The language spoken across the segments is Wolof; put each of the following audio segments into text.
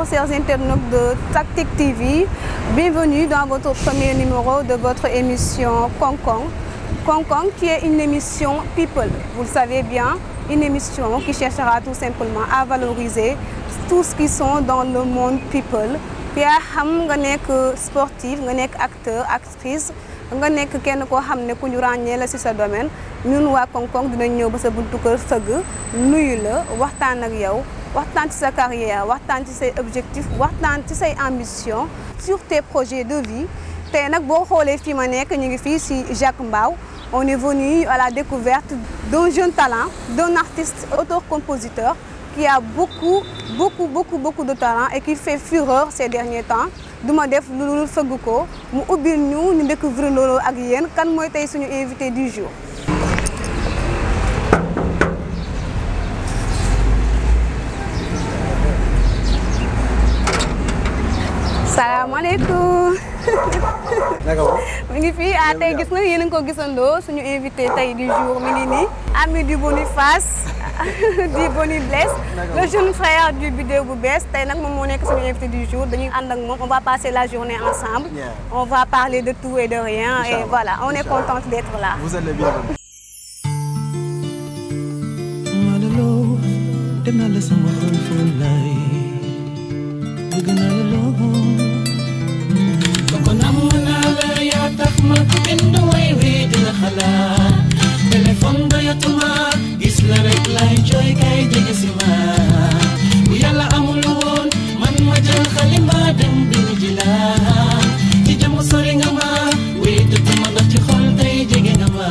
Bonjour chers internautes de Tactic TV, bienvenue dans votre premier numéro de votre émission Concon. Concon qui est une émission People, vous le savez bien, une émission qui cherchera tout simplement à valoriser tous qui sont dans le monde People. yaa xam nga nekk sportif nga nekk acteur actrice nga nekk kenn koo xam ne ku ñu ràññee la si sa domaine ñun waa Konkon dinañ ñëw ba sa buntu kër sëgg nuyu la waxtaan ak yow waxtaan ci sa carrière waxtaan ci say objectif waxtaan ci say ambition sur projet projets de vie tey nag boo xoolee fii ma nekk ñu ngi fii si Jacques mbaaw on est venu à la découverte d'un jeune talent d'un artiste auteur-compositeur qui a beaucoup beaucoup beaucoup beaucoup de talent et qui fait fureur ces derniers temps du ma def lu dul fëgg ko mu ubbil ñu ñu découvrir loolu ak yéen kan mooy tey suñu invité du jour mi ngi fii ah tey gis nga yéen a ngi ko gisandoo suñu invité tey du jour mi ami du Boniface di Boni Blaise le jeune frère du Bidéo bu bees tey nag moom moo nekk suñu invité du jour dañuy ànd ak moom on va passer la journée on va parler de tout et de rien et voilà on est contente d'être là vous la la rek lay jooy kay jege si ma bu yàlla man ma jël xalima dem bind ci jëm sori nga ma wéetatu ma ndax ci xol tey jege nga ma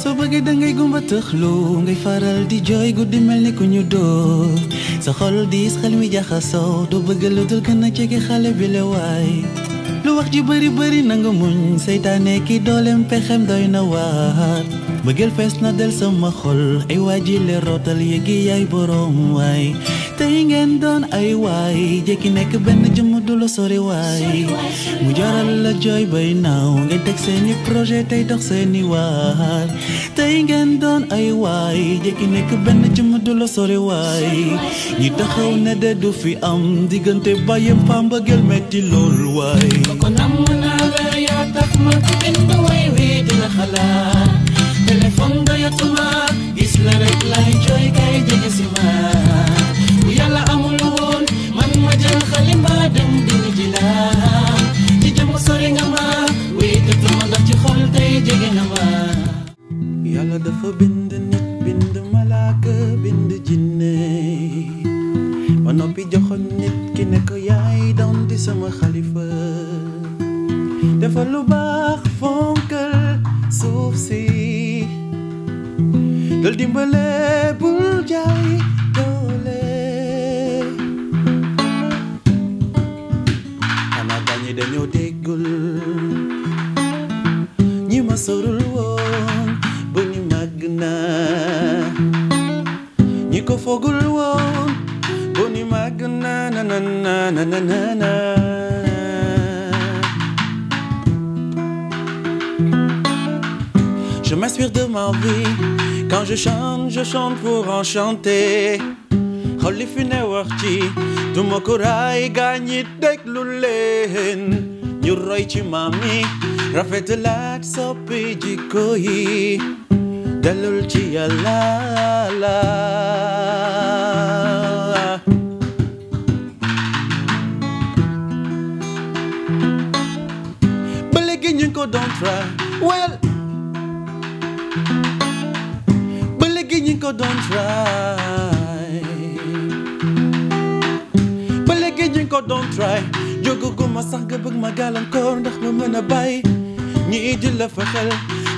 soo bëggee dangay gumba tëxlu ngay faral di jooy guddi mel ni ku ñu dóor sa xol diis xel mi jaxasoo doo bëgg lu dul gën a jege xale bi la lu wax ji bëri bëri nanga muñ seytaane ki dooleem pexem doy na waar bëggeel fees na del sama xol ay waaji le rootal yéegi yaay boroom waay tey ngeen doon ay waay jékki nekk benn jëmm du la sori waay mu jaral la jooy bay naaw ngeen teg seeni projet tey dox seeni waay tey ngeen doon ay waay jékki nekk benn jëmm du la sori waay ñi taxaw ne de fi am diggante bàyyam faam mbëggeel metti lool waay ko la yaa tax ma bind way gis la rek lay jooy kay jege si ma yàlla amul man ma jël xalima dem dindi ji la ci jëm sori ma wéetatuma ndax ci xol tey dafa bind nit bind malaaka bind jinne ba noppi joxoon nit ki ne ko yaay di sama xalifa dafa lu baax fonkal suuf si dal dimbale bul jaay ma sorul woon ba ni màgg naa ñi ko fogul woon ba ni màgg naa na na na na na Je m'inspire de ma vie quand je chante je chante pour enchanter xol li fi ne wax ci du ma ko raay gaañ ñi déglu leen ñu roy ci maam yi rafetalaat soppi jikko yi dalul ci la ba léegi ñu ngi well ba léegi ñu ngi ko doon tra ba ndax ma mën a bàyyi ñii di la fexel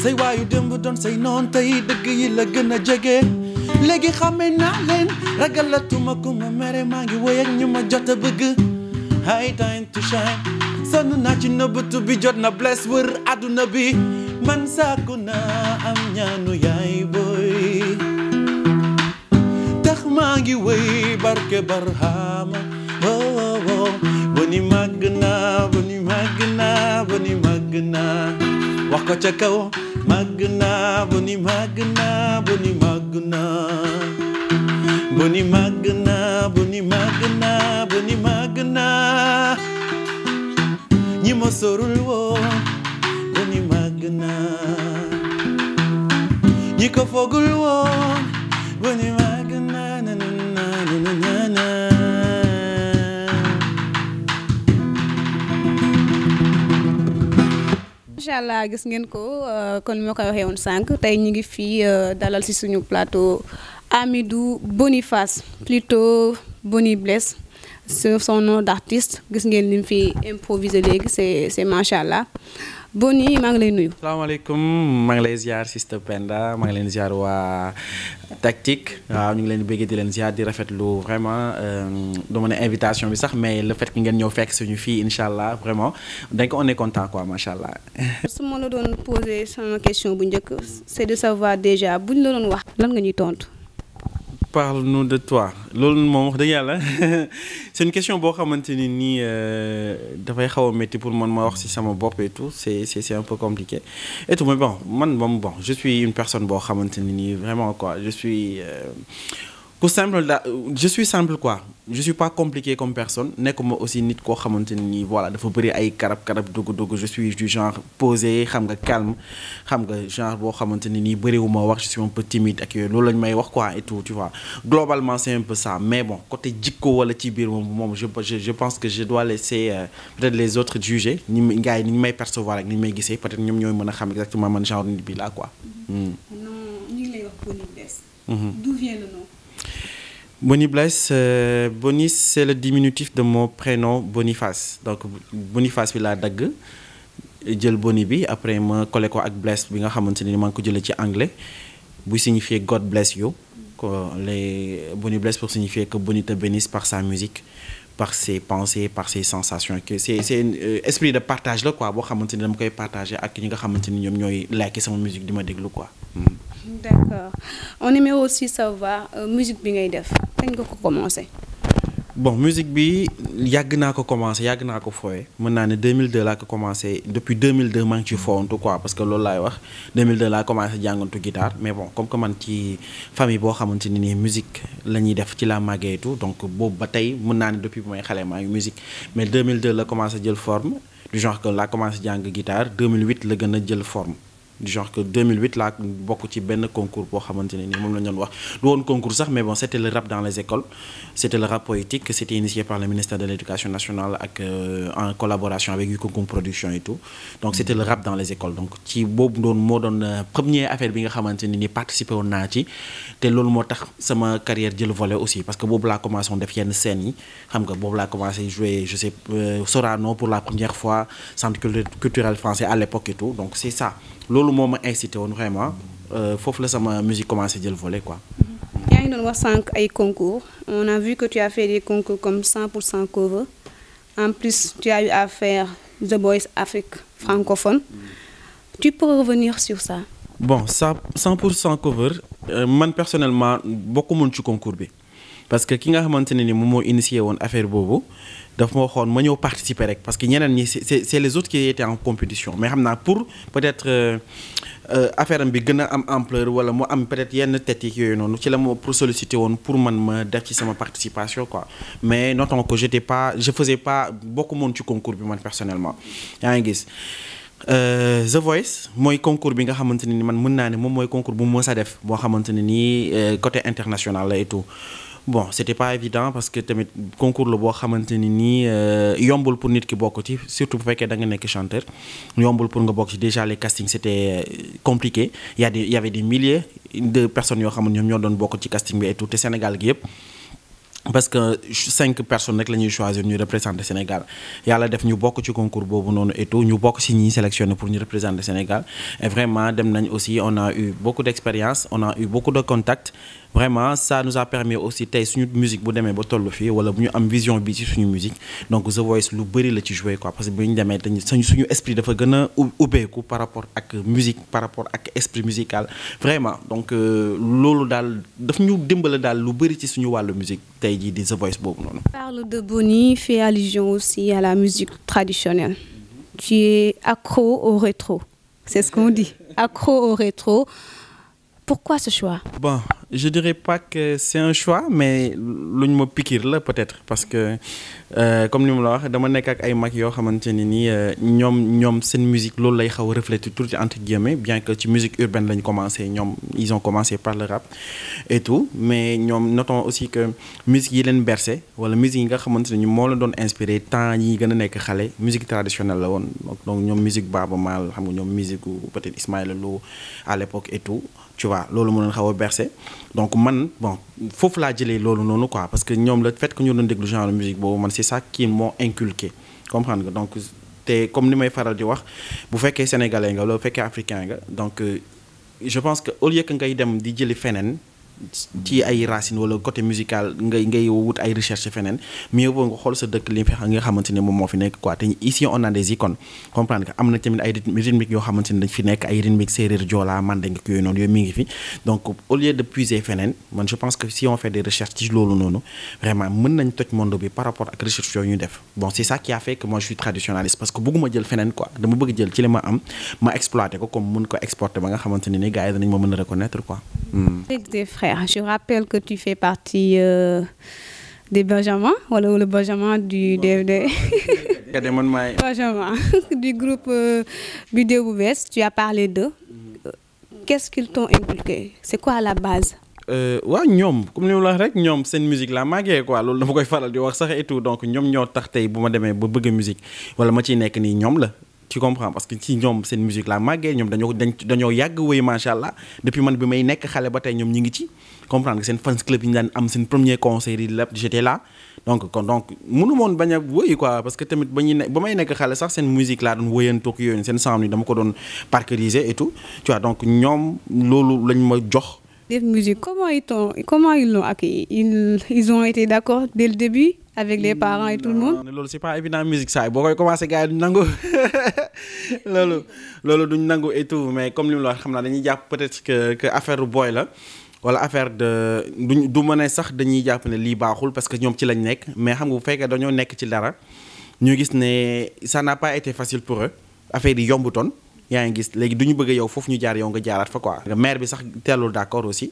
say waayu démb doon say noon tey dëgg yi la gën a jege léegi xamee naa leen ragalatuma ku ma mere maa ngi woy ak ma jot a bëgg high time to sonn naa ci nëbbatu bi jot na bless wër àdduna bi man sàkku naa am ñaanu yaay booy tax maa ngi woy barke barhaama ko ca kaw màgg naa boni màgg naa boni màgg naa boni màgg naa boni màgg naa boni màgg naa ñi ma sorul woon boni màgg naa ñi ko fogul woon boni màgg macha allah gis ngeen ko kon euh, moo koy waxee woon sànq tey ñu ngi fii euh, dalal ci suñu plateau Amidou Boniface plutôt Boni Bless sur son nom d'artiste gis ngeen li mu fi improvisé léegi c'est c'est macha allah. bon Boni maa ngi lay nuyu. salaamaaleykum maa ngi lay ziar Sista Penda maa ngi leen ziar waa tactique waaw ñu ngi leen di bëgg di leen ziar di rafetlu vraiment euh, du ma ne invitation bi sax mais le fait que ngeen ñëw fekk suñu fii incha allah vraiment dañ ko on est content quoi macha allah. su ma la doon poser sama question bu njëkk c'est de savoir déjà buñ la doon wax lan nga ñuy tontu. parle-nous de toi loolu moom wax dëgg yàlla c'est une question boo xamante ni nii euh, dafay xaw a métti pour man ma wax ci sama bopp et tout c'est c'est c'est un peu compliqué et tout bon man moom bon je suis une personne boo xamante ni nii vraiment quoi je suis. Euh, ku simple daa je suis simple quoi je suis pas compliqué comme personne nekkuma aussi nit koo xamante ni voilà dafa bëri ay karab karab dugg dugg je suis du genre posé xam nga calme xam nga genre boo xamante ne nii bëriwuma wax je suis un peu timide ak yooyu loolu lañ may wax quoi et tout tu vois globalement c'est un peu ça mais bon côté jikko wala ci biir moom moom je je pense que je dois laisser euh, peut-être les autres juger ni mu gars may percevoir gisee peut-être ñoom ñooy mën a xam exactement man Boniblaise, euh, Bonis, c'est le diminutif de mon prénom Boniface. Donc, Boniface, bi laa dagg jël Boni bi après ma collé ko ak Blaise bi nga xamante ni maa ngi ko jëlee ci anglais bu signifier God bless you. ko les Boni Blaise pour signifier que Boni par sa musique. par ses pensées par ses sensations que c'est c'est euh, esprit de partage la quoi boo xamante ni dama koy partager ak ñi nga xamante ni ñoom ñooy liker sama musique di ma déglu quoi. d'accord on aimerait aussi savoir euh, musique bi ngay def kañ nga ko commencé. bon musique bi yàgg naa ko commencé yàgg naa ko fooye mën naa ne 2002 laa ko commencé depuis 2002 maa ngi ci foowantu quoi parce que loolu laay wax 2002 laa commencé jàngantu guitare mais bon comme que ci famille boo xamante ni nii musique la ñuy def ci la màggeetu donc boobu ba tey mën naa ne depuis bu may xale maa ngi musique mais 2002 la commencé jël forme du genre que laa commencé jàng guitare 2008 la gën a jël forme du genre que 2008 laa bokk ci benn concours boo xamante ne ni moom la ñu doon wax du woon concours sax mais bon c' était le dans les écoles c' était le l' éducation nationale ak en collaboration avec Yukonkum production et tout donc c' était le rap dans les écoles ci boobu euh, ni participé woon naa ci te tax sama carrière jël volet aussi parce que boobu laa commencé woon def yenn scènes yi xam nga boobu laa commencé jouer je euh, pour la première fois centre culturel français à l' époque tout donc c' ça loolu moom ma incité woon vraiment euh, foofu la sama musique commencé jël volet quoi. yaa ngi doon wax sànq ay concours on a vu que tu as fait des concours comme 100 pour 100 cover en plus tu as eu à faire The Voice Afrique francophone tu peux revenir sur ça. bon ça 100 pour cent cover euh, man personnellement bokku mun ci concours bi. parce que ki nga xamante ne ni moom moo initié woon affaire boobu daf ma waxoon ma ñëw participer rek parce que ñeneen ñi c'est c'est les autres qui étaient en compétition mais xam naa pour peut-être euh, euh, affaire bi gën a am empleur wala mu am peut-être yenn tête yooyu noonu ci la ma pour solliciter woon pour man ma def ci sama participation mais notons que j'étais pas je faisais pas moon ci concours bi man personnellement yaa ngi gis. Uh, The mooy concours bi nga xamante ne ni man mën naa ne moom mooy concours bu mu mës a def boo xamante ne nii euh, côté international la et tout bon c'était pas évident parce que tamit concours la boo xamante ni nii euh, yombul pour nit ki bokk ci surtout bu fekkee da nga nekk chanteur yombul pour nga bokk ci déjà les castings c'était euh, compliqué il y a des il y milliers de personnes yoo xam ne ñoom ñoo doon bokk ci casting bi et tout te Sénégal gi yëpp. parce que cinq personnes rek la ñuy choisir ñu représenter Sénégal yàlla def ñu bokk ci concours boobu noonu et ñu bokk ci ñi sélectionné pour ñu représenter Sénégal et dem nañ aussi on a eu beaucoup on a eu beaucoup de vraiment ça nous a permis aussi tey suñu musique bu demee ba toll fii wala bu ñu am vision bi ci suñu musique donc The Voice lu bëri la ci joué quoi parce que bu ñu demee dañu suñu esprit dafa gën ubbeeku par rapport ak musique par rapport ak esprit musical vraiment donc euh, loolu daal daf ñu dimbale daal lu bëri ci suñu wàllu musique tey jii di The Voice boobu noonu. parle de Boni fait allusion aussi à la musique traditionnelle. tu es accro au rétro c'est ce qu'on dit Pourquoi ce choix Bon, je dirais pas que c'est un choix, mais ma piquir la peut-être parce que euh, comme ni mu la wax dama nekk ak ay mag yoo xamante ne ni euh, ñoom ñoom seen musique loolu lay xaw a refléter tuuti entre guillemets bien que ci musique urbaine lañ commencé ñoom ils ont commencé par le rap et tout mais ñoom notons aussi que musique yi leen bercé wala musique yi nga xamante ne moo la doon inspiré temps yi gën a nekk xale musique traditionnelle la woon donc ñoom musique Baaba Maal xam nga ñoom musique peut-être Ismaël Lô à tu loolu moo doon xaw a bercé donc man bon foofu laa jëlee loolu noonu quoi parce que ñoom le fait que ñu doon déglu genre musique boobu man c'est ça qui moo inculqué comprendre nga donc te comme ni may faral di wax bu fekkee sénégalais nga loolu fekkee africain nga donc euh, je pense que au lieu que ngay dem di jëli feneen ci ay racines wala côté musical ngay ngay wut ay recherche feneen mieux vaut nga xool sa dëkk li nga xamante ne moom moo fi nekk quoi te ici on a des icônes comprendre que am na tamit ay rythmique yoo xamante ne dañ fi nekk ay rythmique séeréer joola si on fait des recherches loolu noonu vraiment mën nañ toj monde bi par rapport ak recherche ñu def bon c'est ça qui a fait que moi parce que bëgguma jël feneen quoi dama bëgg jël ci li ma am ma exploiter ko comme mën ko exporter ba nga xamante ni gars danañ ma mën a reconnaître quoi hmm. frères. Je rappelle que tu fais partie euh, des Benjamins, voilà, le Benjamin du bon, des, Benjamin, du groupe euh, Vidéo Tu as parlé d'eux. Mm. Qu'est-ce C'est quoi la base euh, waaw ñoom comme ni ma la rek ñoom seen musique laa màggee quoi loolu dama koy faral di wax sax et donc ñoom ñoo tax tey bu ma demee ba bëgg musique wala ma ci nekk nii ñoom la tu comprends parce que ci ñoom seen musique la màggee ñoom dañoo yàgg wéy macha allah depuis man bi may nekk xale ba tey ñoom ñi ngi ci comprendre que seen fans club yi ñu daan am seen premier concert yi a wéy quoi parce laa doon wéyantoog yooyu seen sound yi dama ko doon parkeriser et tout tu donc ñoom loolu lañ ma jox. def musique comment ils ont comment ils l'ont été d'accord dès le début. avec les parents et tout le monde. loolu c'est pas évident musique saa boo koy commencé gars yi duñ nangu loolu duñ nangu et mais comme li la wax xam naa dañuy jàpp peut-être que que affaire booy la wala affaire de du mën sax dañuy jàpp ne lii baaxul parce que ñoom ci lañ nekk mais xam nga bu fekkee dañoo nekk ci dara ñu gis ne ça n'a pas été pour eux affaire yi yombutoon yaa ngi gis léegi du ñu bëgg yow foofu ñu jaar yow nga jaaraat fa quoi. maire bi sax teelul d'accord aussi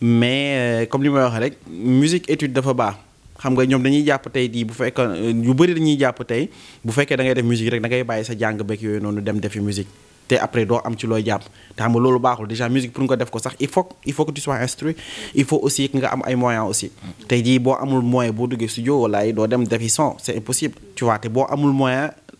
mais euh, comme li may waxee rek musique étude dafa baax. xam nga ñoom dañuy jàpp tey dii bu fekkoon yu bëri dañuy jàpp tey bu fekkee da ngay def musique rek da ngay bàyyi sa jàng beeg yooyu noonu dem defi musique te après doo am ci looy jàpp te xam nga loolu baaxul déjà musique pour nga def ko sax il faut il faut que tu sois instruit aussi que nga am ay moyens aussi tey jii boo amul moyen boo duggee studio wala ay doo dem defi son c'est impossible tu boo amul moyen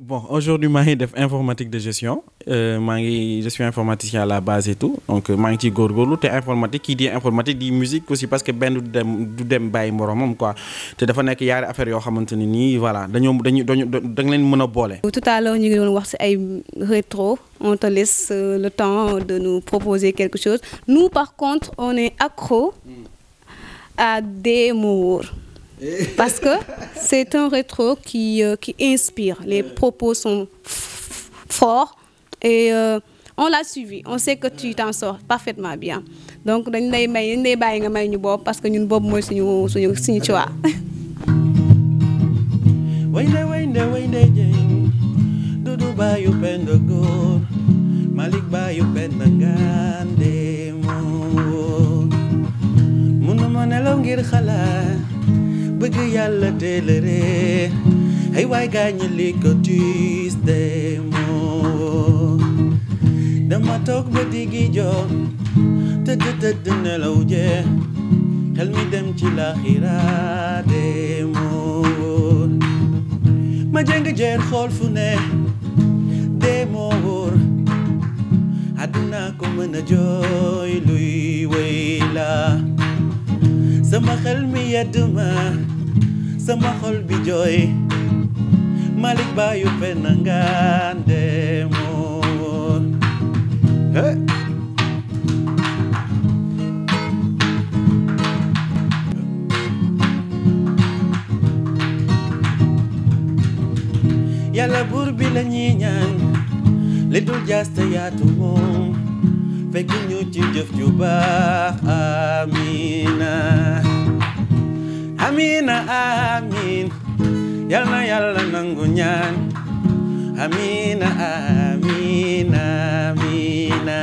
bon aujourd'hui maa ngi def informatique de gestion euh, maa ngi je suis à la base et tout donc maa ngi ciy góorgóorlu te informatique kii di informatique di musique aussi parce que benn du dem du dem bàyyi moromam te dafa nekk yaari affaire yoo xamante ne nii voilà dañoo dañu dañu da nga leen mën a boole. tout à l'heure ñu ngi doon wax ci ay rétro on te laisse euh, le temps de nous proposer quelque chose nous par contre on est accro mm. Parce que c'est un rétro qui, euh, qui inspire. Les propos sont forts et euh, on l'a suivi. On sait que tu t'en sors parfaitement bien. Donc, dañ lay may dañ lay bàyyi nga may ñu boobu parce que ñun boobu mooy suñu suñu suñu choix. Waynde waynde waynde jeng Dudu baayu penda góor Malik baayu penda ngande nelaw ngir xalaat bëgg yàlla teel a réer ay waay gaañu li ko Tuesday moo dama toog ba diggi jox tëdd tëdd nelaw jee xel mi dem ci laaxira demoor ma jëng jeer xool fu ne demoor àdduna ko mën a jooy luy wéy la sama xel mi yedd ma sama xol bi jooy Malick baayu fen ngaan demoon yàlla buur bi la ñuy li dul jaas te yaatu moom fekk ñu ci jëf ju baax amina amina amin yal na nangu ñaan amina amin amina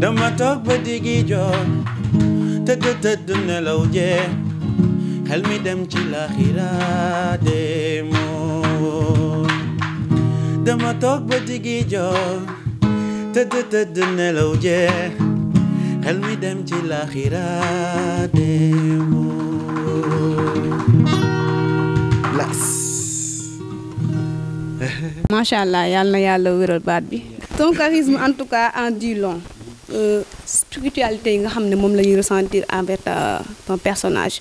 dama toog ba digi joon tëdd tëdd nelaw jee xel mi dem ci laaxira demoo dama toog ba digi tëdd tëdd nelaw jeex xel mi dem ci la macha allah yal na yàlla wéral baat bi. son charisme en tout cas en dit long. Euh, spiritualité yi nga xam ne moom la ñuy ressentir envers euh, ton personnage.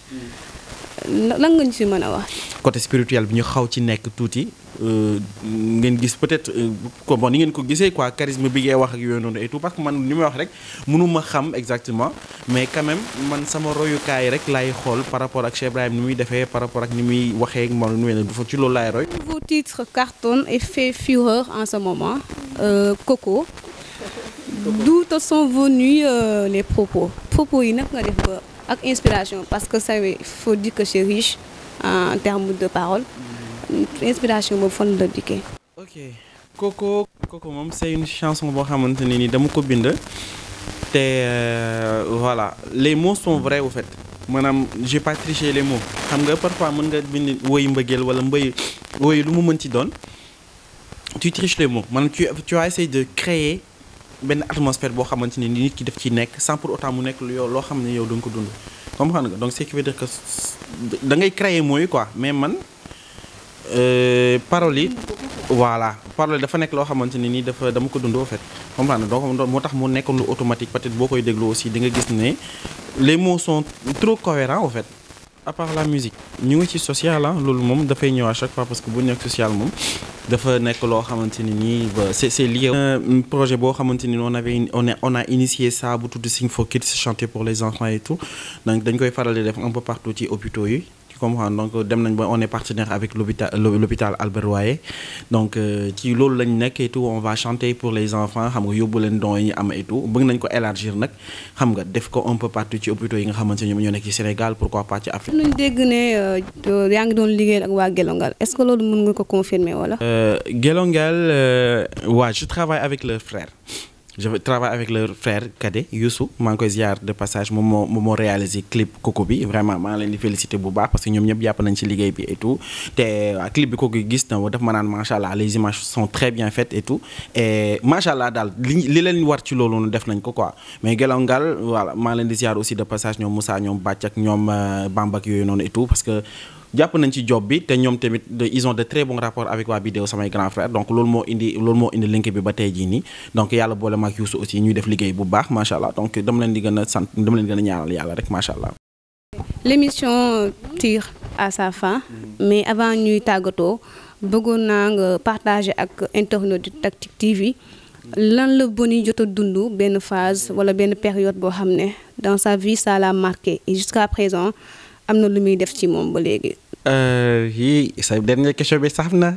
lan nga ñu si mën a wax. côté spirituel bi ñu xaw ci nekk tuuti euh, ngeen gis peut-être euh, ko bon ni ngeen ko gisee ko charisme bi ngay wax ak yooyu noonu et tout parce que man li may wax rek mënuma xam exactement mais quand man sama royukaay rek laay xool par rapport ak Cheikh Ibrahim ni muy defee par rapport ak ni muy waxee ak moom nu dafa ci loolu laay roy. nouveau titre cartonne et fait fureur en ce moment euh, Coco. D'où te sont venus euh, les nga def ba. ak inspiration parce que ça il faut dire que c'est en termes de parole inspiration boobu fan la dikkee. ok Coco moom c'est une chanson boo xamante ne ni dama ko bind te euh, voilà les mots sont vrais au fait maanaam je pas triché les mots xam nga parfois mën nga bind woy mbëggeel wala mbëy woy lu mu mën ci doon tu triches les mots maanaam tu tu as de créer. benn atmosphère boo xamante ni nit ki def ci nekk sans pour autant mu nekk yow loo xam ne yow da ko dund comprendre nga donc ngay créer mooy quoi mais man euh, paroles yi voilà parole dafa nekk loo xamante ni nii dafa dama ko dund en fait comprendre donc moo tax mu nekkoon lu automatique peut-être boo koy déglu aussi di nga gis ne les mots sont trop cohérents en fait à part la musique ñu ngi ci social ah loolu moom dafay ñëwaat à chaque fois parce que bu nekk social moom dafa nekk loo xamante ni nii ba c'est c'est lié euh, un projet boo xamante ni on avait on a on a initié ça bu tudd Sing for Kids chanté pour les enfants et tout donc dañ koy faral di def un peu partout ci hôpitaux yi comprendre donc euh, dem nañ ba on est partenaire avec l'hôpital l'hôpital Albert Royer donc euh, ci loolu lañ nekk et tout on pour les enfants xam nga yóbbu leen dons ñu am et tout bëgg nañ ko élargir nag xam nga def ko un peu partout ci hôpitaux yi nga xamante ne ñoom ñoo nekk ci Sénégal pourquoi pas ci Afrique. dégg ne euh, yaa ngi doon liggéey ak waa Gelongal est-ce que loolu mën nga ko confirmer wala. Gelongal waaw je travaille avec leurs frères. je travaille avec leur frère cadet Youssou maa koy ziar de passage moom moo moom moo réalisé clip Coco bi vraiment maa leen di félicité bu baax parce que ñoom ñëpp jàpp nañ ci liggéey bi et te euh, clip bi Coco gis na daf ma naan macha allah les images sont très bien faites et tout et macha allah daal li li leen war ci loolu noonu def nañ ko quoi mais Gélaw Ngal voilà maa ngi leen di ziar aussi de passage ñoom Moussa ñoom Bàcc ak ñoom euh, Bamba ak yooyu noonu et tout parce jàpp nañ ci job bi te ñoom tamit ils ont de très bons rapports avec waa Bidéo samay grand frère donc loolu moo indi loolu moo indi link bi ba tey jii nii donc yàlla boole maak Youssou aussi ñuy def liggéey bu baax macha allah donc dama leen di gën a sant dama leen di gën a ñaanal yàlla rek macha l'émission tire à sa fin mm. mais avant ñuy tàggatoo bëggoon naa nga partager ak internautes du Tactic TV lan la Boni jot a dund benn phase wala benn période boo xam ne dans sa ça l'a marqué et jusqu'à am na lu muy def ci moom ba léegi. yii euh, sa dernière question bi sax na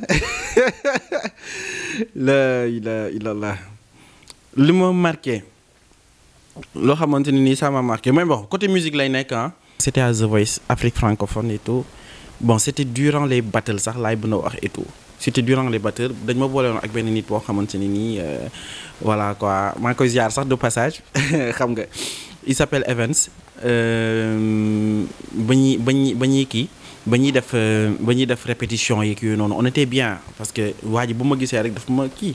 la ilaha illallah li ma marqué loo xamante ne nii ça m'a marqué mais bon côté musique lay nekk ah. c'était à The Voice Afrique francophone et tout bon c'était durant les battles sax laay bëgg a wax et tout durant les battles dañ ma boole woon ak benn nit boo xamante ne nii euh, voilà quoi maa koy ziar sax de passage xam nga il s'appelle Evans Euh, ba ñuy ba ñuy ba ñuy kii ba ñuy def ba ñuy def répétition yeeg yooyu noonu on était bien parce que waa ji bu ma gisee rek dafa ma kii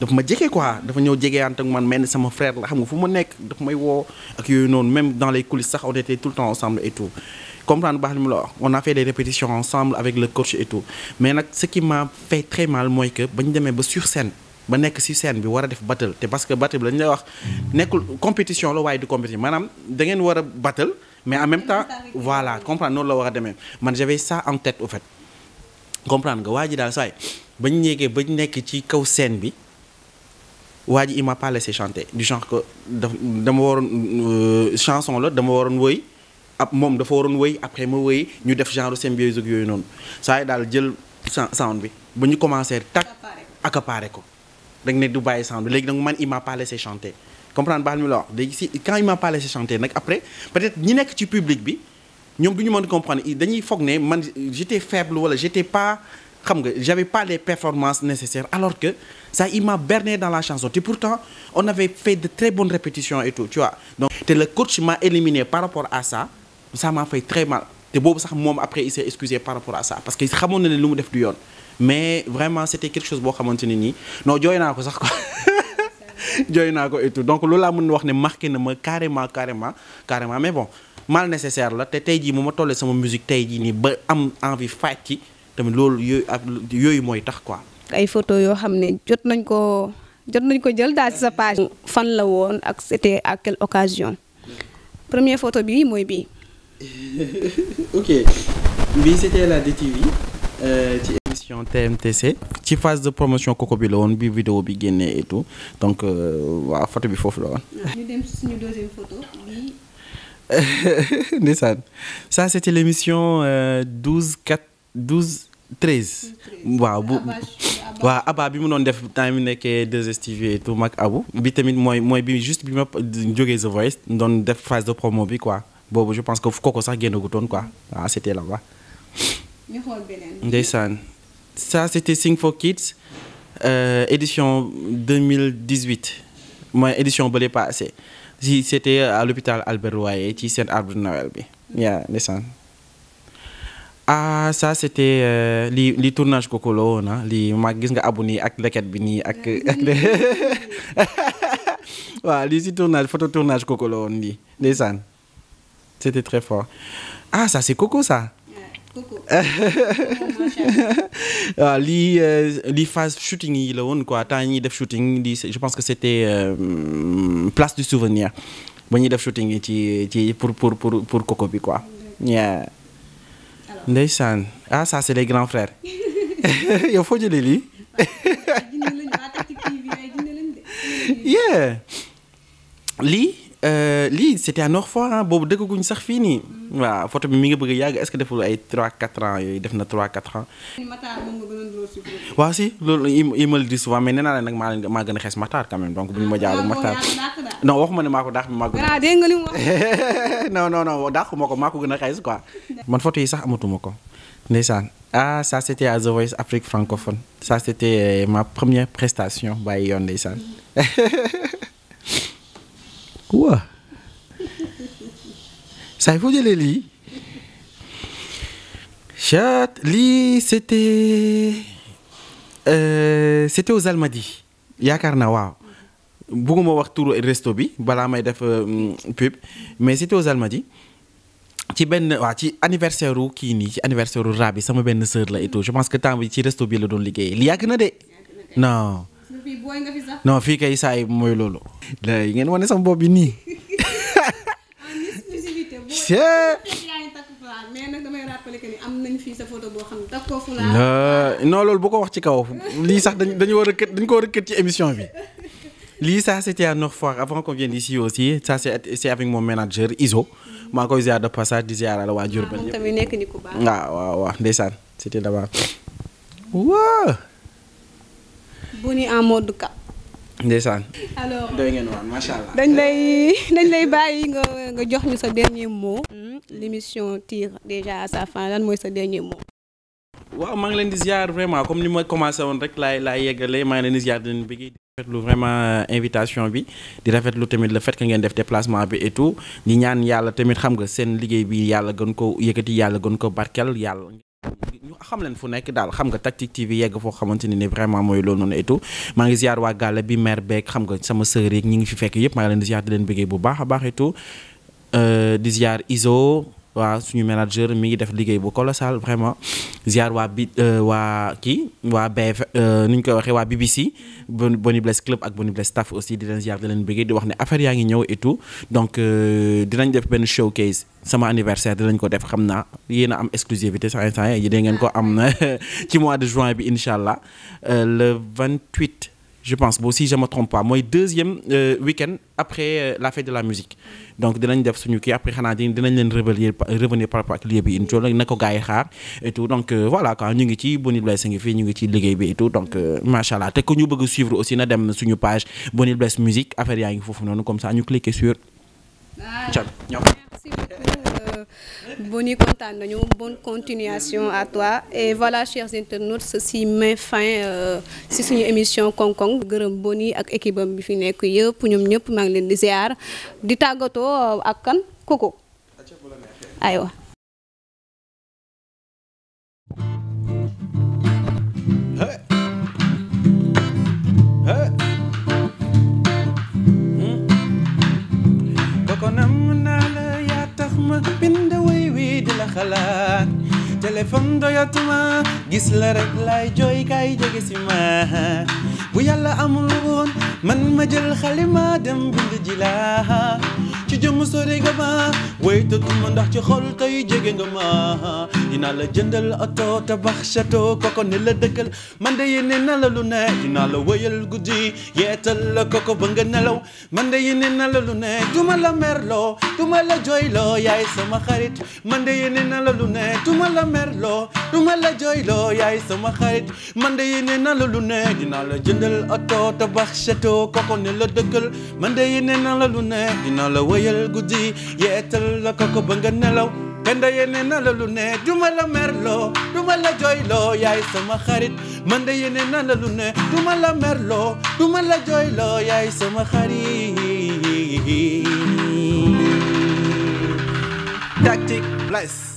dafa ma jege quoi dafa ñëw jegeyaan ak man mel ni sama frère la xam nga fu ma nekk dafa may woo ak yooyu noonu même dans les sax on tout le temps ensemble et tout comprendre baax li mu la wax on a fait des répétitions ensemble avec le coach et mais nag ce qui m'a fait très mal mooy que ba ñu demee ba sur scène ba nekk ci scène bi war a def battle te parce que battle bi lañu lay wax nekkul compétition la waaye du compétition maanaam da ngeen war a battle mais en même temps voilà comprendre noonu la war a demee man j'avais ça en tête au fait comprendre nga waa ji daal saay bañ ñeegee bañ nekk ci kaw scène bi waa ji il m'a pas du genre daf dama waroon euh, chanson la dama waroon woy ab moom dafa waroon woy après ma woy ñu def genre symbiose yooyu noonu saa yi daal jël sound bi ba ñu commencé tag accaparé ko da nga du bàyyi sound léegi donc man il m'a pas laissé chanter comprendre baax mi la wax bi ñoom du ñu mën comprendre dañuy foog ne man j'étais faible wala j'étais pas xam nga j'avais pas les performances nécessaires alors que ça il m'a berné dans la chanson te pourtant on avait fait de très bonnes répétitions et tout tu vois donc te le coach m'a éliminé par rapport à ça ça m'a fait très mal te boobu sax moom après il s'est excusé par rapport à ça parce que xamoon na ne lu mu def du yoon mais vraiment c'était quelque chose boo xamante ne nii non jooy naa ko sax quoi jooy naa ko et donc loolu laa mën wax ne marqué na ma carrément carrément carrément mais bon mal nécessaire la te tey jii mu ma tollee sama musique tey jii nii ba am envie faaj ci tamit loolu yooyu yooyu mooy tax quoi. ay photo yoo xam ne jot nañ ko jot nañ ko jël daal ci fan la woon ak c'était à quelle occasion. première photo bi mooy bii. la émission TMTC ci phase de promotion koko bi la woon bi vidéo bi génnee et tout donc euh, waaw photo bi foofu la woon. ñu dem suñu deuxième photo bi. ndeysaan euh, waaw bu waaw Abba bi mu doon def temps mi nekkee 2STV et tout mag bi tamit mooy mooy bi juste bi ma jógee The Voice doon def phase de promo bi quoi boobu je pense que koko sax génnagutoon quoi waaw c' était là-bas. ñu xool ça c'était Sing for Kids euh, édition 2018 mooy édition ba lay passé si c'était à l'hôpital Albert Royer ci seen arbre Noël bi yaa ndeysaan ah ça c'était euh, li tournage kooku la woon ah. li mag nga abu nii ak leket bi nii ak ak waaw lii si tournage photo tournage kooku la woon lii ndeysaan c'était très fort ah ça c'est Coco ça waaw lii lii phase shooting yi la woon quoi temps ñuy def shooting lii je pense que c'était euh, place du souvenir ba ñuy def shooting yi ci ci pour pour pour pour coco bi quoi. Yeah. ndeysaan ah ça c'est les grands frères yow foo jëlee lii. yeah lii. Euh, lii c'était à Norfois boobu dëggaguñ sax fii nii. waa photo bi mi ngi bëgg yàgg est-ce que deful ay 3 4 ans yooyu def na 3 4 ans. waaw si loolu il me le dit souvent mais nee naa leen nag maa leen maa gën a xees Matar quand même donc bu ma jaalu Matar. non waxuma ne maa ko daax bi maa ko. daaxuma ko maa ko gën a xees quoi. man photo yi sax amatuma ko. ndeysaan ah ça c'était à The Voice Afrique francophone ça c'était euh, ma première prestation bàyyi yoon ndeysaan. waa saa foo jëlee lii chat lii c'était euh, c'était aux Almadies yaakaar naa waaw bugguma wax turu resto bi balaa may def euh, pub mais c'était aux Almadies ci benn waaw ci anniversaire kii nii ci anniversaire ru Rabi sama benn sœur la et tout je pense que temps bi ci resto bi la doon liggéeyee li yàgg na de non. booy nga non fii kay saa yi mooy loolu. léegi ngeen wane sama bopp bi nii. mais non loolu bu ko wax ci kaw lii sax dañ dañu war a kët dañu ko war a ci émission bi lii ça c' était à Norfoire avant qu'on vienne ici aussi ça c' est c' est avec mon manager Iso. maa koy ziar de passage di ziaral waa Diourbel. waaw ah, moom tamit nekk ni ko baax. waaw ah, waaw waaw ndeysaan c' était là-bas Boni en mode cap. ndeysaan. alors doy ngeen waan macha allah. dañ lay dañ lay bàyyi nga nga jox ñu sa dernier mot. Hmm? l' émission tire déjà à sa fin lan mooy sa dernier mot. waaw maa ngi leen di ziar vraiment comme ni ma commencé woon rek laay laay yeggalee maa ngi leen di ziar di leen bëgg rafetlu vraiment euh, invitation bi di rafetlu tamit le fait ngeen def déplacement bi et tout di ñaan yàlla tamit xam nga seen liggéey bi yàlla gën ko yëkkati yàlla gën ko barkel yàlla. xam leen fu nekk daal xam nga Tactic TV yegg foo xamante ne ni vraiment mooy loolu noonu et maa ngi ziar waa gàlla bi mère beeg xam nga sama sœur yeeg ñi ngi fi fekk yëpp maa ngi leen di ziar di leen bëggee bu baax a baax et euh, di ziar Iso. waa suñu manager mi ngi def liggéey bu colossal vraiment ziar waa bi euh, waa kii waa BF euh, ni ñu koy waxee waa BBC Boni Bless club ak Boni Bless staff aussi di leen ziar di leen bëggee di wax ne affaire yaa ngi ñëw et tout donc euh, dinañ def benn showcase sama anniversaire dinañ ko def xam naa yéen a am exclusivité sax instant yi ngeen ko am na ci mois de juin bi incha allah le 28. je pense boo si je me trompe mooy deuxième euh, week après euh, la fête de la musique donc dinañ def suñu kii après xanaa dinañ leen revenir revenir par rapport ak lieu bi incha allah na ko gars xaar et donc euh, voilà quoi ñu ngi ci Bonil Bless ngi fii ñu ngi ci liggéey bi et tout donc macha allah te ku ñu bëgg suivre aussi na dem suñu page Bonil Bless musique affaire yaa ngi foofu noonu comme ça ñu cliquer sur. Boni, content Bonne continuation à toi. Et voilà, chers internautes, ceci met fin si euh, suñu émission Konkong gërëm Boni ak équipe bi fi nekk yëpp ñoom ñëpp maa leen di ziar di tàggatoo euh, ak kan aywa. xalaat téléphone gis la rek lay jooy kay jege si bu yàlla amul man ma jël dem bind ji jëm sori nga ma wéytatuma ndax ci xol tey jege nga ma dinaa la jëndal oto tabax château koko ne la dëkkal man de yéene na la lu ne dinaa la wéyal guddi yeetal la koko ba nga nelaw man de yéene na la lu ne duma la merloo duma la jooyloo yaay sama xarit man de yéene na la lu ne duma la merloo duma la jooyloo yaay sama xarit man de yéene na la lu ne dinaa la jëndal oto tabax château koko ne la dëkkal man de yéene na lu ne dinaa la wéyal yëngal guddi yeetal la koko ba nga nelaw kanda yéene na la lu ne duma la merloo duma la jooyloo yaay sama xarit man de yéene na lu ne duma la merloo duma la jooyloo yaay sama xarit tactique